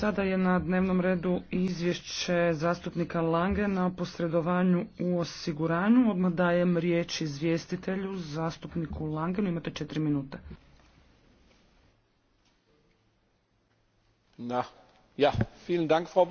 Sada je na dnevnom redu izvješće zastupnika Lange na posredovanju u osiguranju. Odmah dajem riječ izvjestitelju, zastupniku Langenu. Imate četiri minute. Na. Ja, vielen Dank, Frau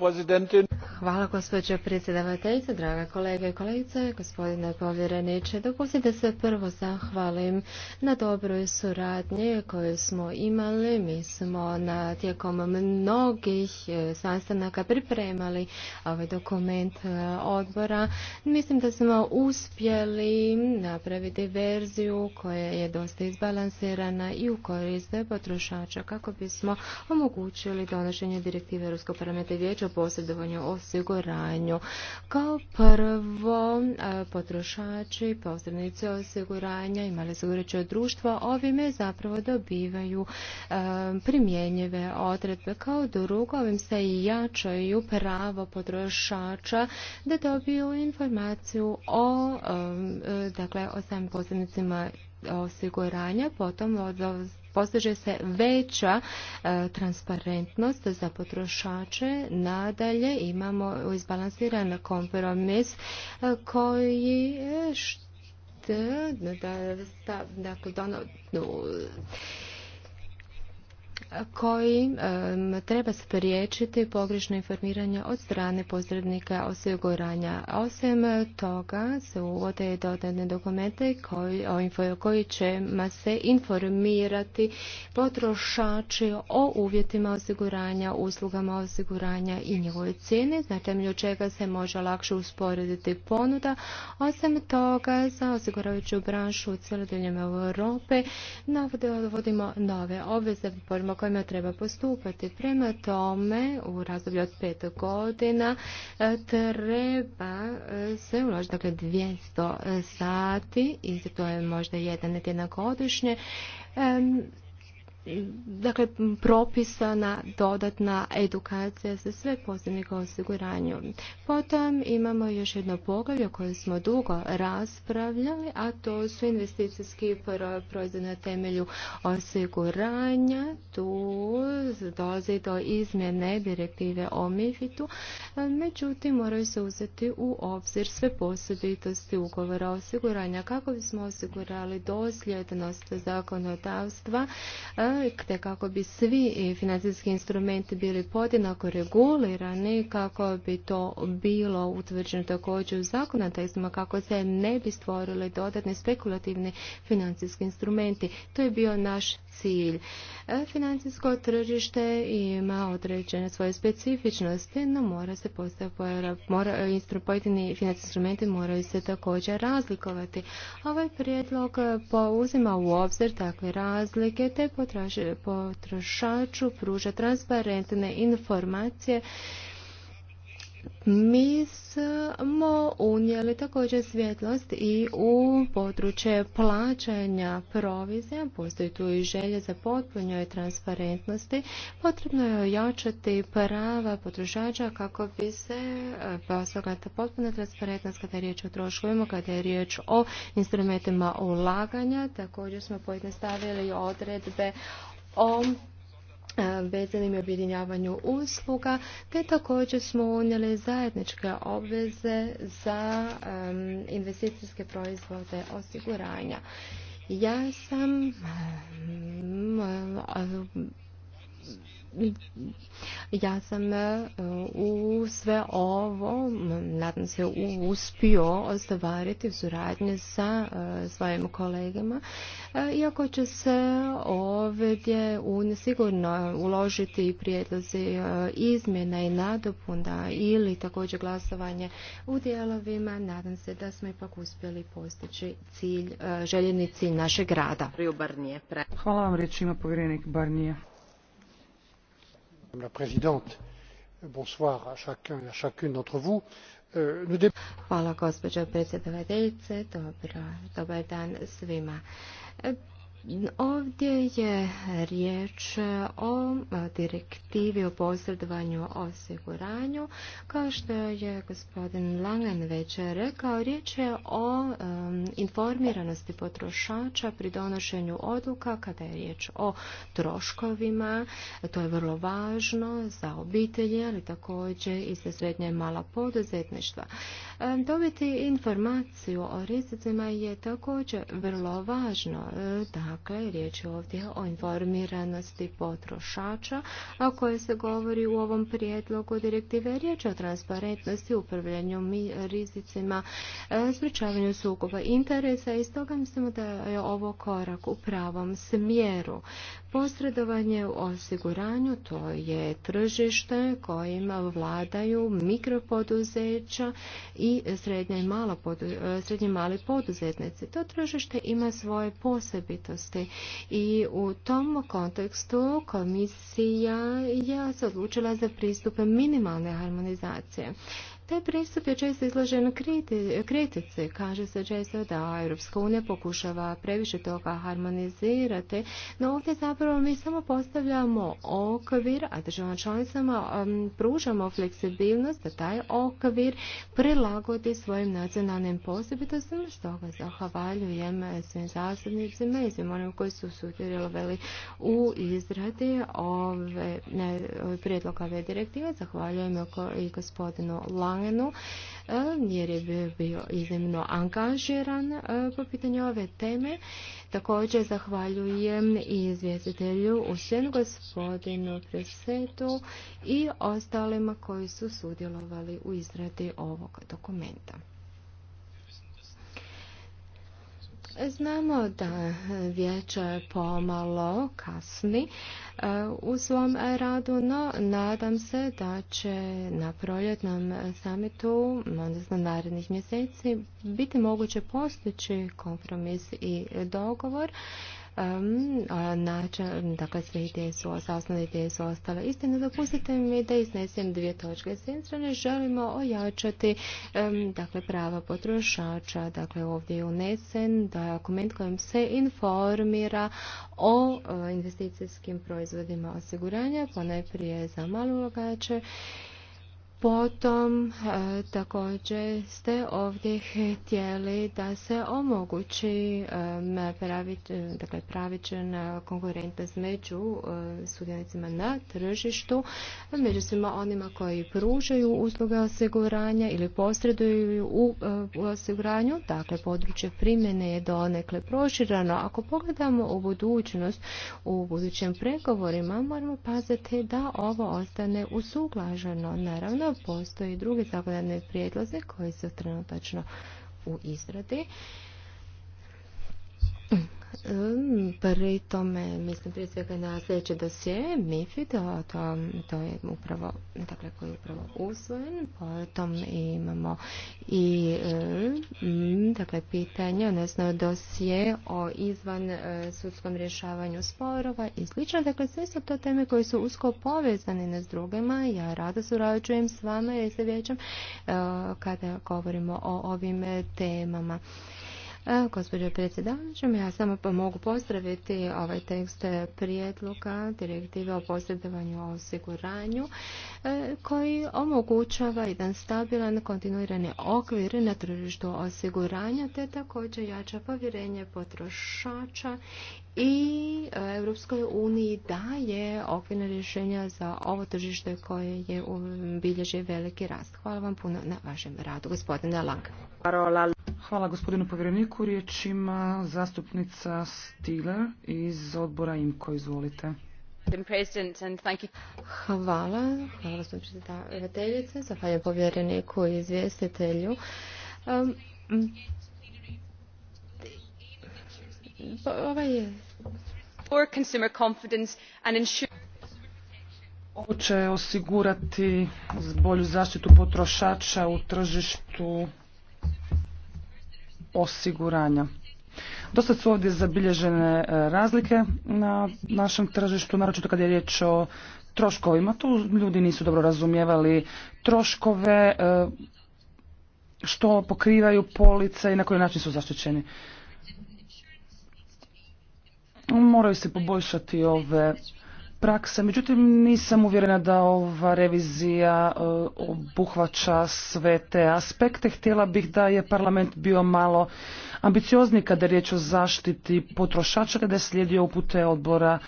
Hvala gospođo predsjedavateljice, draga kolege i kolegice, gospodine povjereniče. Dopustite se prvo zahvalim na dobroj suradnji koju smo imali. Mi smo na tijekom mnogih e, sastanaka pripremali ovaj dokument e, odbora. Mislim da smo uspjeli napraviti verziju koja je dosta izbalansirana i u korist potrošača kako bismo omogućili donošenje direktive Ruskog parlamenta i vijeća o posjedovanju osoba osiguranju. Kao prvo, e, potrošači, posrednici osiguranja i male osigurajuće društva ovime zapravo dobivaju e, primjenjive odredbe. Kao drugo, ovim se i jačaju pravo potrošača da dobiju informaciju o, e, dakle, o samim posrednicima osiguranja, potom od postiže se veća transparentnost za potrošače. Nadalje imamo izbalansiran kompromis koji koji treba spriječiti pogrešno informiranje od strane posrednika osiguranja. Osim toga se uvode dodatne dokumente koji, koji će se informirati potrošači o uvjetima osiguranja, uslugama osiguranja i njegove cijeni, na temelju čega se može lakše usporediti ponuda. Osim toga, za osiguravajuću branšu u cijeloj Europe navodimo nove obveze kojima treba postupati. Prema tome, u razdoblju od pet godina e, treba e, se uložiti, dakle 200 sati i to je možda jedan tjedan godišnje dakle propisana dodatna edukacija za sve posljednjeg osiguranju. Potom imamo još jedno poglavlje koje smo dugo raspravljali, a to su investicijski proizvod na temelju osiguranja. Tu dolazi do izmjene direktive o MIFIT-u, međutim moraju se uzeti u obzir sve posebitosti ugovora osiguranja kako bismo osigurali dosljednost zakonodavstva kako bi svi financijski instrumenti bili podjednako regulirani, kako bi to bilo utvrđeno također u zakonodavstvima, kako se ne bi stvorili dodatni spekulativni financijski instrumenti. To je bio naš cilj. E, financijsko tržište ima određene svoje specifičnosti, no mora se postaviti, pojedini financijski instrumenti moraju se također razlikovati. Ovaj prijedlog uzima u obzir takve razlike te potrošaču pruža transparentne informacije mi smo unijeli također svjetlost i u područje plaćanja provizija. Postoji tu i želje za i transparentnosti. Potrebno je ojačati prava potrošača kako bi se eh, postigla ta potpuna transparentnost kada je riječ o troškovima, kada je riječ o instrumentima ulaganja. Također smo pojednostavili odredbe o vezanim i objedinjavanju usluga, te također smo unijeli zajedničke obveze za investicijske proizvode osiguranja. Ja sam ja sam e, u sve ovo, nadam se, uspio ostvariti u sa e, svojim kolegama, e, iako će se ovdje sigurno uložiti prijedlozi izmjena i nadopuna ili također glasovanje u dijelovima, nadam se da smo ipak uspjeli postići cilj, željeni cilj našeg rada. Hvala vam, reći, ima povjerenik Barnije madame la présidente bonsoir à chacun et à chacune d'entre vous. Euh, hvala gospođo dobar dan svima. Ovdje je riječ o e, direktivi o posredovanju osiguranju. Kao što je gospodin Langen već rekao, riječ je o e, informiranosti potrošača pri donošenju odluka kada je riječ o troškovima. To je vrlo važno za obitelje, ali također i za srednje mala poduzetništva. Dobiti informaciju o rizicima je također vrlo važno. E, dakle, riječ je ovdje o informiranosti potrošača, a koje se govori u ovom prijedlogu direktive. Riječ je o transparentnosti, upravljanju rizicima, e, sprečavanju sukoba interesa i stoga mislimo da je ovo korak u pravom smjeru. Posredovanje u osiguranju to je tržište kojima vladaju mikropoduzeća i srednje e, i, mali poduzetnici. To tržište ima svoje posebitosti i u tom kontekstu komisija je se odlučila za pristup minimalne harmonizacije. Taj pristup je često izložen kritici. Kaže se često da Europska unija pokušava previše toga harmonizirati, no ovdje zapravo mi samo postavljamo okvir, a državama članicama pružamo fleksibilnost da taj okvir prilagodi svojim nacionalnim posebitostima, stoga zahvaljujem svim zastupnicima i svim onim koji su sudjelovali u izradi ove, prijedloga ove direktive. Zahvaljujem i gospodinu La E, jer je bio iznimno angažiran e, po pitanju ove teme. Također zahvaljujem i izvjestitelju u gospodinu Presetu i ostalima koji su sudjelovali u izradi ovog dokumenta. Znamo da vijeće pomalo kasni e, u svom radu, no nadam se da će na proljetnom samitu, odnosno narednih mjeseci, biti moguće postići kompromis i dogovor način, dakle sve ideje su, osnovne ideje su ostale. Istina, dopustite mi da iznesem dvije točke. S jedne strane želimo ojačati dakle, prava potrošača. Dakle, ovdje je unesen dokument kojim se informira o, e, investicijskim proizvodima osiguranja, ponajprije za malo ulagače Potom e, također ste ovdje htjeli da se omogući e, dakle, pravična konkurentnost među e, sudionicima na tržištu, među svima onima koji pružaju usluge osiguranja ili posreduju u osiguranju. Dakle, područje primjene je donekle proširano. Ako pogledamo u budućnost, u budućim pregovorima moramo paziti da ovo ostane usuglaženo. Naravno, postoje postoji drugi zakonodavni prijedloze koji su trenutačno u izradi. Pri tome mislim prije svega na sljedeće dosje MIFID, to, to, je upravo, dakle koji je upravo usvojen, potom imamo i dakle pitanje, odnosno dosje o izvan e, sudskom rješavanju sporova i slično, dakle sve su to teme koje su usko povezane ne s drugima, ja rado surađujem s vama i sa vijećem e, kada govorimo o ovim temama. E, gospođo predsjedavajuća, ja samo pa mogu pozdraviti ovaj tekst prijedloga direktive o posredovanju o osiguranju e, koji omogućava jedan stabilan kontinuirani okvir na tržištu osiguranja te također jača povjerenje potrošača i e, Europskoj uniji daje okvirna rješenja za ovo tržište koje je bilježi veliki rast. Hvala vam puno na vašem radu, gospodine Lang. Hvala gospodinu povjereniku. Riječ ima zastupnica Stila iz odbora IMKO. Izvolite. Hvala. Hvala sam predsjedateljice. Zahvaljujem povjereniku i izvjestitelju. Um, pa ovaj je... Ovo će osigurati bolju zaštitu potrošača u tržištu osiguranja. Dosta su ovdje zabilježene e, razlike na našem tržištu, naročito kad je riječ o troškovima. Tu ljudi nisu dobro razumijevali troškove, e, što pokrivaju police i na koji način su zaštićeni. Moraju se poboljšati ove praksa Međutim, nisam uvjerena da ova revizija e, obuhvaća sve te aspekte. Htjela bih da je parlament bio malo ambiciozniji kada je riječ o zaštiti potrošača, kada je slijedio upute odbora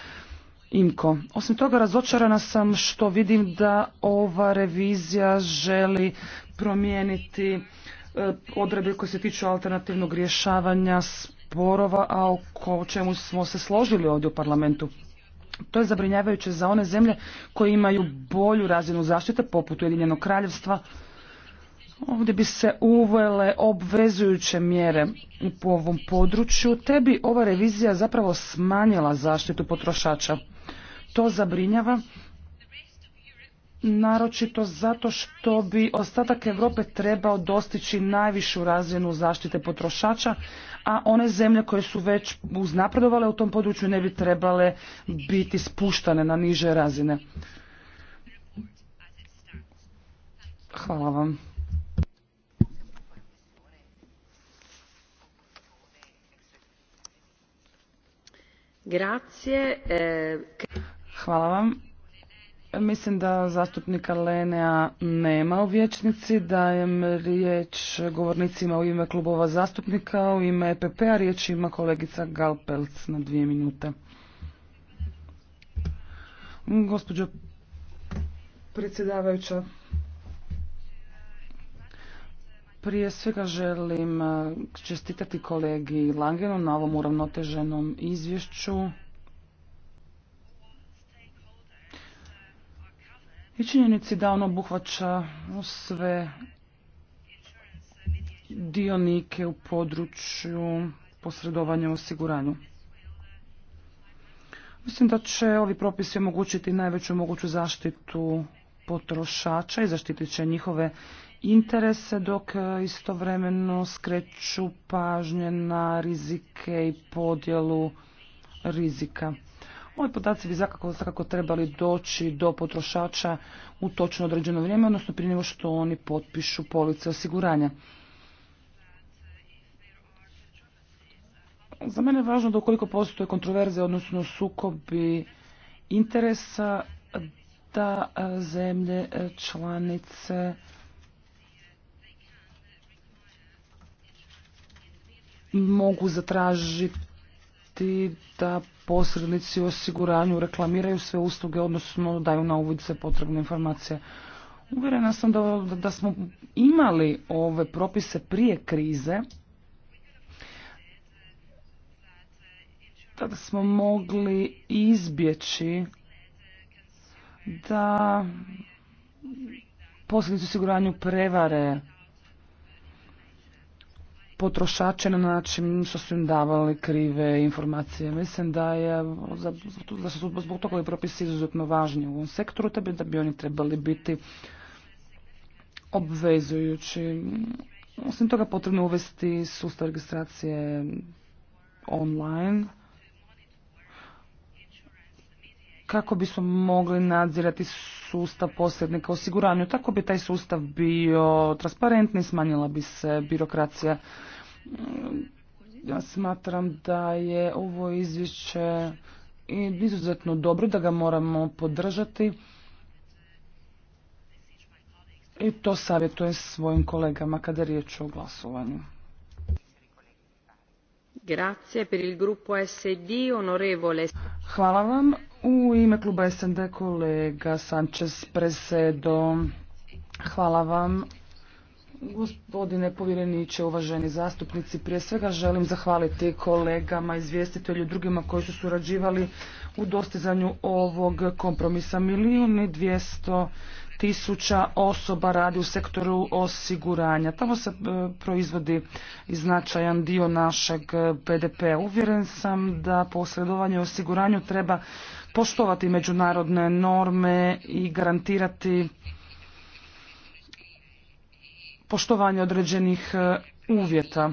IMKO. Osim toga, razočarana sam što vidim da ova revizija želi promijeniti e, odredbe koje se tiču alternativnog rješavanja sporova, a o čemu smo se složili ovdje u parlamentu. To je zabrinjavajuće za one zemlje koje imaju bolju razinu zaštite, poput Ujedinjenog kraljevstva. Ovdje bi se uvele obvezujuće mjere u ovom području, te bi ova revizija zapravo smanjila zaštitu potrošača. To zabrinjava naročito zato što bi ostatak Europe trebao dostići najvišu razinu zaštite potrošača, a one zemlje koje su već uznapredovale u tom području ne bi trebale biti spuštane na niže razine. Hvala vam. Eh, Hvala vam. Mislim da zastupnika Lenea nema u vječnici. Dajem riječ govornicima u ime klubova zastupnika, u ime EPP-a riječ ima kolegica Galpelc na dvije minute. Gospođo predsjedavajuća, prije svega želim eh, čestitati kolegi Langenu na ovom uravnoteženom izvješću. i činjenici da on obuhvaća sve dionike u području posredovanja u osiguranju. Mislim da će ovi propisi omogućiti najveću moguću zaštitu potrošača i zaštitit će njihove interese dok e, istovremeno skreću pažnje na rizike i podjelu rizika. Ovi podaci bi zakako, trebali doći do potrošača u točno određeno vrijeme, odnosno prije nego što oni potpišu police osiguranja. Za mene je važno da ukoliko postoje kontroverze, odnosno sukobi interesa, da e, zemlje e, članice mogu zatražiti da posrednici u osiguranju reklamiraju sve usluge, odnosno daju na uvid sve potrebne informacije. Uvjerena sam da, smo imali ove propise prije krize, da smo mogli izbjeći da posrednici u osiguranju prevare potrošače na način što su im davali krive informacije. Mislim da je da su zbog toga i propisi izuzetno važni u ovom sektoru, te bi, da bi oni trebali biti obvezujući. Osim toga potrebno uvesti sustav registracije online. kako bismo mogli nadzirati sustav posrednika osiguranju. Tako bi taj sustav bio transparentni, smanjila bi se birokracija. Ja smatram da je ovo izvješće izuzetno dobro, da ga moramo podržati. I to savjetujem svojim kolegama kada je riječ o glasovanju. Hvala vam. U ime kluba SND kolega Sanchez Presedo. Hvala vam. Gospodine povjereniče, uvaženi zastupnici, prije svega želim zahvaliti kolegama, izvjestitelju drugima koji su surađivali u dostizanju ovog kompromisa. Milijun i dvijesto tisuća osoba radi u sektoru osiguranja. Tamo se e, proizvodi i značajan dio našeg PDP. E, p-a. Uvjeren sam da posredovanje osiguranju treba poštovati međunarodne norme i garantirati poštovanje određenih e, uvjeta.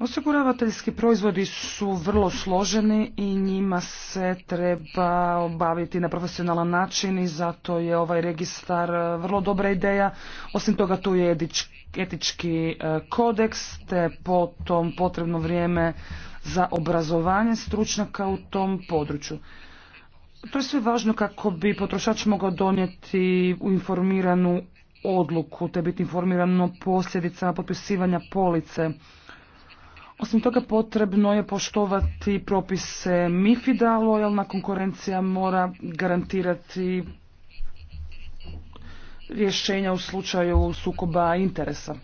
Osiguravateljski proizvodi su vrlo složeni i njima se treba obaviti na profesionalan način i zato je ovaj registar e, vrlo dobra ideja. Osim toga tu je edič etički e, kodeks, te potom potrebno vrijeme za obrazovanje stručnjaka u tom području. To je sve važno kako bi potrošač mogao donijeti informiranu odluku, te biti informirano posljedicama potpisivanja police. Osim toga potrebno je poštovati propise MIFID-a, lojalna konkurencija mora garantirati rješenja u slučaju sukoba interesa.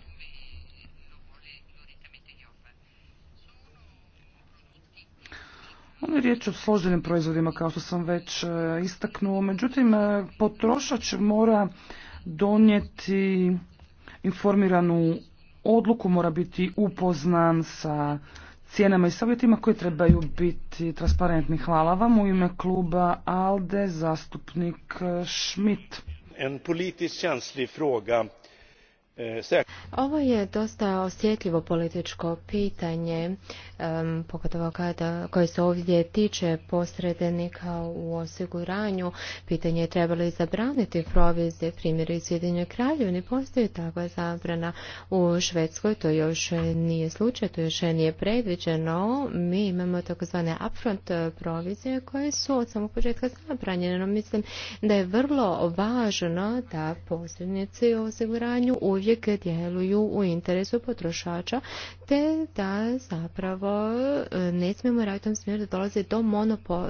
Ono je riječ o složenim proizvodima, kao što sam već e, istaknuo. Međutim, e, potrošač mora donijeti informiranu odluku, mora biti upoznan sa cijenama i savjetima koji trebaju biti transparentni. Hvala vam u ime kluba ALDE, zastupnik Schmidt en politiskt känslig fråga. Ovo je dosta osjetljivo političko pitanje, pogotovo kada koje se ovdje tiče posrednika u osiguranju. Pitanje je trebalo i zabraniti provizije, primjer iz Sjedinjoj kraljevini postoji takva zabrana u Švedskoj, to još nije slučaj, to još nije predviđeno. Mi imamo takozvane upfront eh, provizije koje su od samog početka zabranjene, no mislim da je vrlo važno da posrednici u osiguranju uvijek uvijek djeluju u interesu potrošača, te da zapravo e, ne smijemo raditi u tom smjeru da dolazi do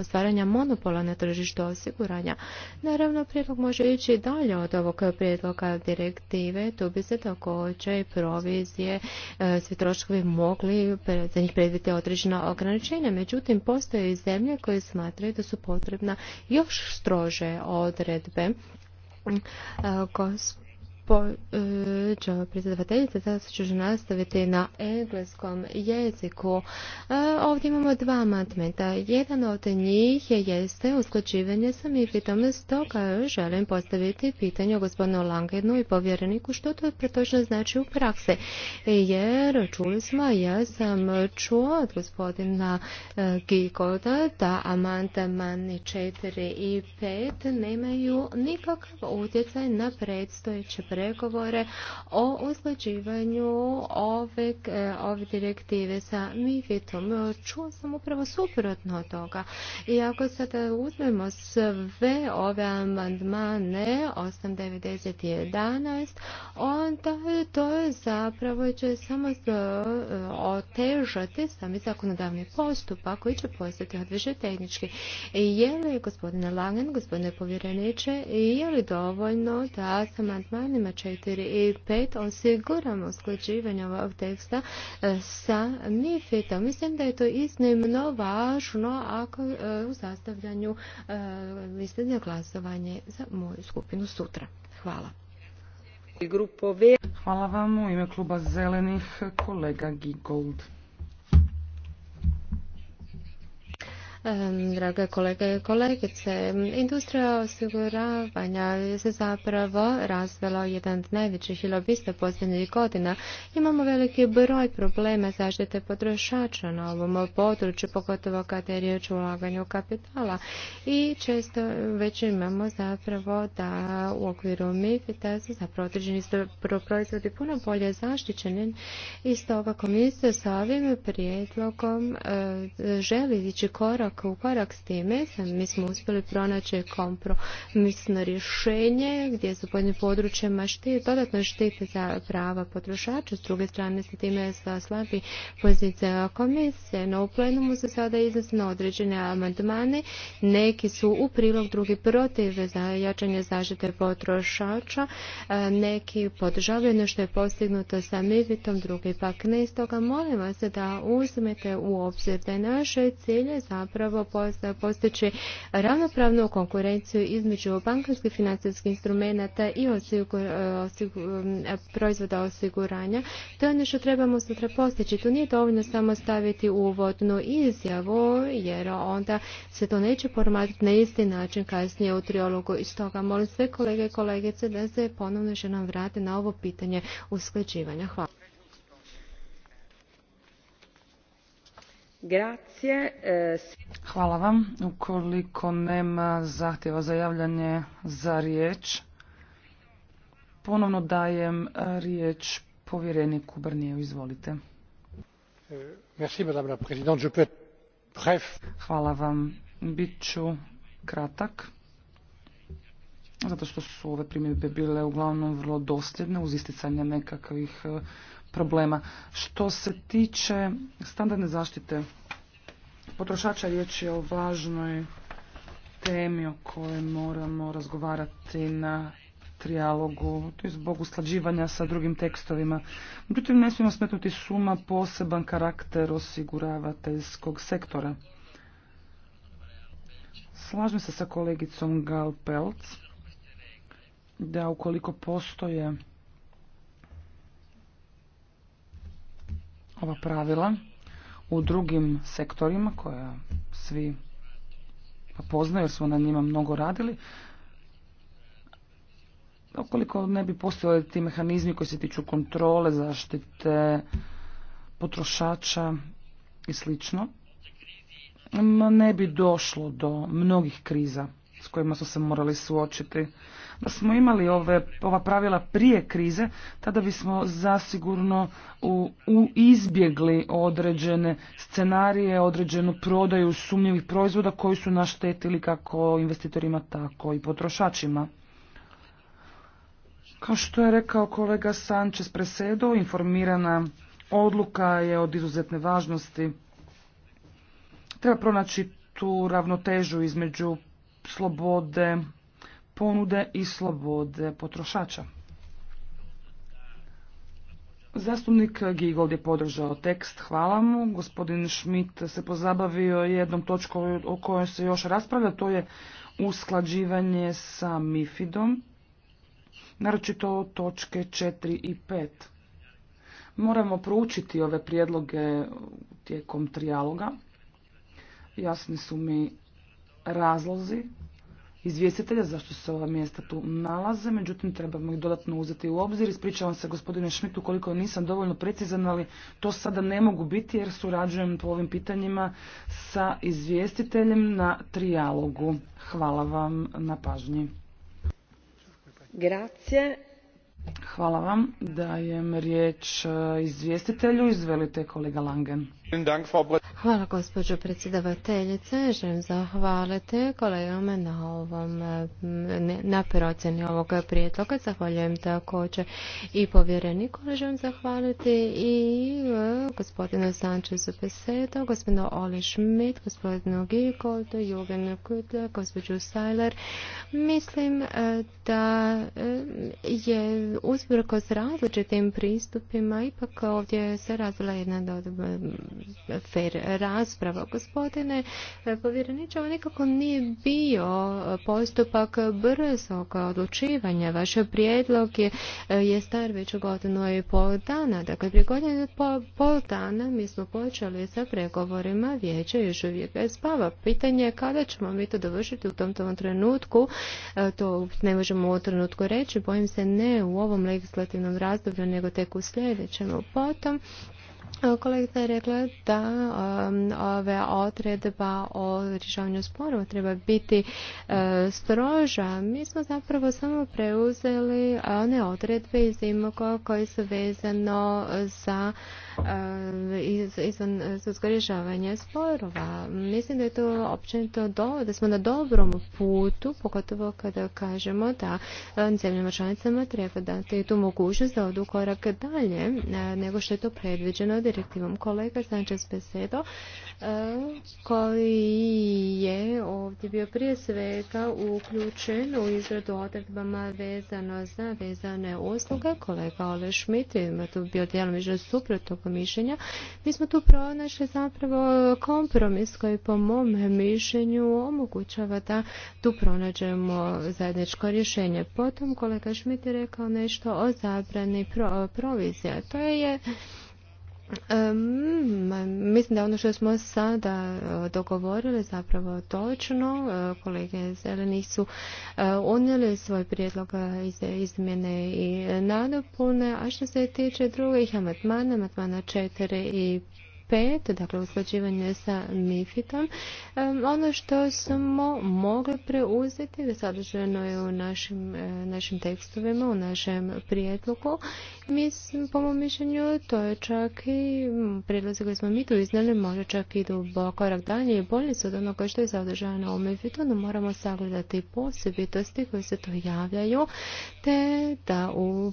stvaranja monopola na tržištu osiguranja. Naravno, prijedlog može ići dalje od ovog prijedloga direktive, tu bi se također i provizije, e, svi troškovi mogli za njih predviti određena ograničenja. Međutim, postoje i zemlje koje smatraju da su potrebna još strože odredbe. E, Gospod gospođo e, predsjedavateljice, sada ću nastaviti na engleskom jeziku. E, ovdje imamo dva matmeta. Jedan od njih je, jeste usklađivanje i MIFID-om, stoga želim postaviti pitanje gospodinu Langenu i povjereniku što to pretočno znači u prakse. Jer čuli smo, ja sam čuo od gospodina e, Gigolda da Amanda Mani 4 i 5 nemaju nikakav utjecaj na predstojeće pregovore o usklađivanju ove, e, ove direktive sa mifit om Čuo sam upravo suprotno od toga. I ako sad uzmemo sve ove amandmane 8.90.11, onda to je zapravo će samo e, otežati sami zakonodavni postupak koji će postati odviše tehnički. Je li, gospodine Langen, gospodine povjereniče, je li dovoljno da sa amandmanima člancima 4 i 5 osiguramo usklađivanje ovog teksta e, sa MIFID-om. Mislim da je to iznimno važno ako e, u sastavljanju e, liste glasovanje za moju skupinu sutra. Hvala. Hvala vam u ime kluba zelenih kolega Gigold. Drage kolege i kolegice, industrija osiguravanja se zapravo razvela jedan od najvećih lobista posljednjih godina. Imamo veliki broj problema zaštite potrošača na ovom području, pogotovo kada je riječ o ulaganju kapitala. I često već imamo zapravo da u okviru mifita a su zapravo određeni proizvodi puno bolje zaštićeni i ova komisija sa ovim prijedlogom e, želi ići korak korak u korak s time. Mi smo uspjeli pronaći kompromisno rješenje gdje su po područjima dodatno štite za prava potrošača. S druge strane se time sa slabi pozicija komisije. No u plenumu se sada iznosi na određene amandmane. Neki su u prilog, drugi protiv za jačanje zaštite potrošača. E, neki podržavaju ono što je postignuto sa mivitom, drugi pak ne. Stoga molim vas da uzmete u obzir da je naše cilje zapravo zapravo postići ravnopravnu konkurenciju između bankarskih financijskih instrumenata i proizvoda osiguranja. To je ono što trebamo sutra postići. Tu nije dovoljno samo staviti uvodnu izjavu, jer onda se to neće promatrati na isti način kasnije u triologu. I stoga molim sve kolege i kolegice da se ponovno još nam vrate na ovo pitanje usklađivanja. Hvala. Eh, Hvala vam. Ukoliko nema zahtjeva za javljanje za riječ, ponovno dajem eh, riječ povjereniku Brnijevu. Izvolite. Eh, merci, madame la Hvala vam. Biću kratak. Zato što su ove primjedbe bile uglavnom vrlo dosljedne uz isticanje nekakvih problema. Što se tiče standardne zaštite potrošača, riječ je o važnoj temi o kojoj moramo razgovarati na trijalogu, to je zbog usklađivanja sa drugim tekstovima. Međutim, ne smijemo smetnuti suma poseban karakter osiguravateljskog sektora. Slažem se sa kolegicom Gal Pelc da ukoliko postoje ova pravila u drugim sektorima koja svi poznaju jer smo na njima mnogo radili. Ukoliko ne bi postojali ti mehanizmi koji se tiču kontrole, zaštite potrošača i slično, ne bi došlo do mnogih kriza s kojima su se morali suočiti. Da smo imali ove, ova pravila prije krize, tada bismo zasigurno u, u izbjegli određene scenarije, određenu prodaju sumnjivih proizvoda koji su naštetili kako investitorima, tako i potrošačima. Kao što je rekao kolega Sanchez Presedo, informirana odluka je od izuzetne važnosti. Treba pronaći tu ravnotežu između slobode ponude i slobode potrošača. Zastupnik Gigold je podržao tekst, hvala mu. Gospodin Schmidt se pozabavio jednom točkom o kojoj se još raspravlja, to je usklađivanje sa MIFIDom, naročito točke 4 i 5. Moramo proučiti ove prijedloge tijekom trijaloga. Jasni su mi razlozi izvjestitelja zašto se ova mjesta tu nalaze, međutim trebamo ih dodatno uzeti u obzir. Ispričavam se gospodine Šmitu koliko nisam dovoljno precizan, ali to sada ne mogu biti jer surađujem po ovim pitanjima sa izvjestiteljem na trijalogu. Hvala vam na pažnji. Grazie. Hvala vam. Dajem riječ e, izvjestitelju. Izvelite kolega Langen. Hvala gospođo predsjedavateljice. Želim zahvaliti kolegama na ovom procjeni ovog prijedloga. Zahvaljujem također i povjereniku. Želim zahvaliti i e, gospodinu Sančezu Pesedo, gospodinu Oli Schmidt, gospodinu Gigoldu, Jugenu Kudla, gospođu Sajler. Mislim e, da e, je uzbrko s različitim pristupima ipak ovdje se razvila jedna fer rasprava. Gospodine e, povjereniče, ovo nekako nije bio postupak brzog odlučivanja. Vaš prijedlog je, e, je star već godinu i pol dana. Dakle, prije godinu i pol, dana mi smo počeli sa pregovorima vijeća još uvijek spava. Pitanje je kada ćemo mi to dovršiti u tom tom trenutku. E, to ne možemo u trenutku reći. Bojim se ne u ovom legislativnom razdoblju, nego tek u sljedećem. Potom Kolegica je rekla da um, ove odredba o rješavanju sporova treba biti e, stroža. Mi smo zapravo samo preuzeli one odredbe iz imoga koje su vezano za E, izvan sudskog rješavanja sporova. Mislim da je to općenito do, da smo na dobrom putu, pogotovo kada kažemo da e, zemljama članicama treba dati tu mogućnost da odu korak dalje e, nego što je to predviđeno direktivom kolega Sanchez Besedo koji je ovdje bio prije svega uključen u izradu odredbama vezano za vezane usluge. Kolega Ole Schmidt ima tu bio djelomično suprotno mišljenja. Mi smo tu pronašli zapravo kompromis koji po mom mišljenju omogućava da tu pronađemo zajedničko rješenje. Potom kolega Šmit je rekao nešto o zabrani provizija. To je mislim da ono što smo sada e, dogovorili zapravo točno. E, kolege zelenih su e, unijeli svoj prijedlog iz izmjene i nadopune. A što se tiče drugih amatmana, amatmana 4 i 5, dakle usklađivanje sa MIFID-om. Ono što smo mogli preuzeti, sadržano je u našim, e, našim tekstovima, u našem prijedlogu, mislim, po mom mišljenju, to je čak i prijedlozi koje smo mi tu iznali, možda čak idu korak dalje i bolje su od onoga što je sadržano u MIFID-u, no moramo sagledati posebitosti koje se to javljaju, te da u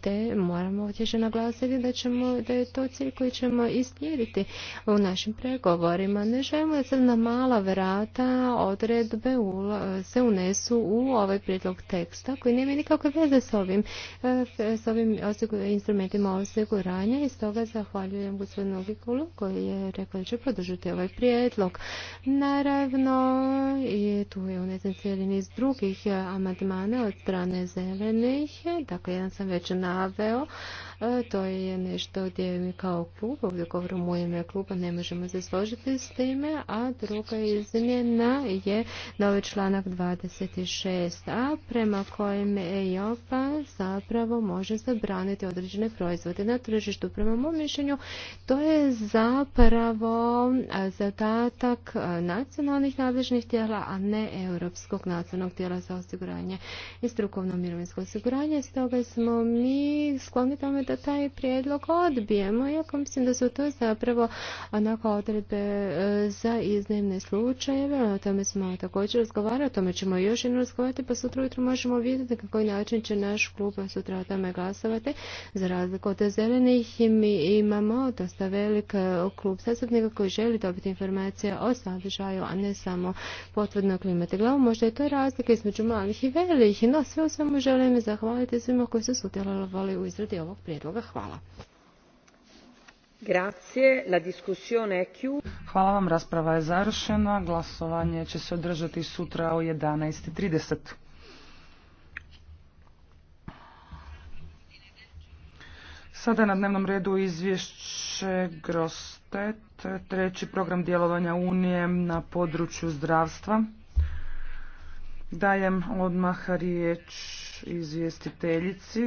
te moramo na naglasiti da ćemo, da je to cilj koji ćemo islijediti u našim pregovorima. Ne želimo da se na mala vrata odredbe se unesu u ovaj prijedlog teksta koji nema nikakve veze s ovim, e, s ovim instrumentima osiguranja i stoga zahvaljujem gospodinu Vikulu koji je rekao da će podržati ovaj prijedlog. Naravno, i tu je unesen cijeli niz drugih amandmana od strane zelenih, dakle jedan sam već naveo, e, to je nešto gdje mi kao klub ovdje govorimo u ime kluba ne možemo se složiti s time, a druga izmjena je novi ovaj članak 26a prema kojem EIOPA zapravo može zabraniti određene proizvode na tržištu. Prema mom mišljenju to je zapravo zadatak nacionalnih nadležnih tijela, a ne Europskog nacionalnog tijela za osiguranje i strukovno mirovinsko osiguranje. Stoga smo mi skloni tome da taj prijedlog odbijemo, iako mislim da su to zapravo zapravo onako odredbe e, za iznimne slučajeve, o tome smo također razgovarali, o tome ćemo još jednom razgovarati, pa sutra ujutro možemo vidjeti na koji način će naš klub sutra o tome glasovati. Za razliku od zelenih mi imamo dosta velik e, klub zastupnika koji želi dobiti informacije o sadržaju, a ne samo potvrdno klimate glavu. Možda je to razlika između malih i velikih, no sve u svemu želim zahvaliti svima koji su sudjelovali u izradi ovog prijedloga. Hvala. Hvala vam, rasprava je završena. Glasovanje će se održati sutra i 11.30. Sada je na dnevnom redu izvješće Grostet, treći program djelovanja Unije na području zdravstva. Dajem odmah riječ izvjestiteljici.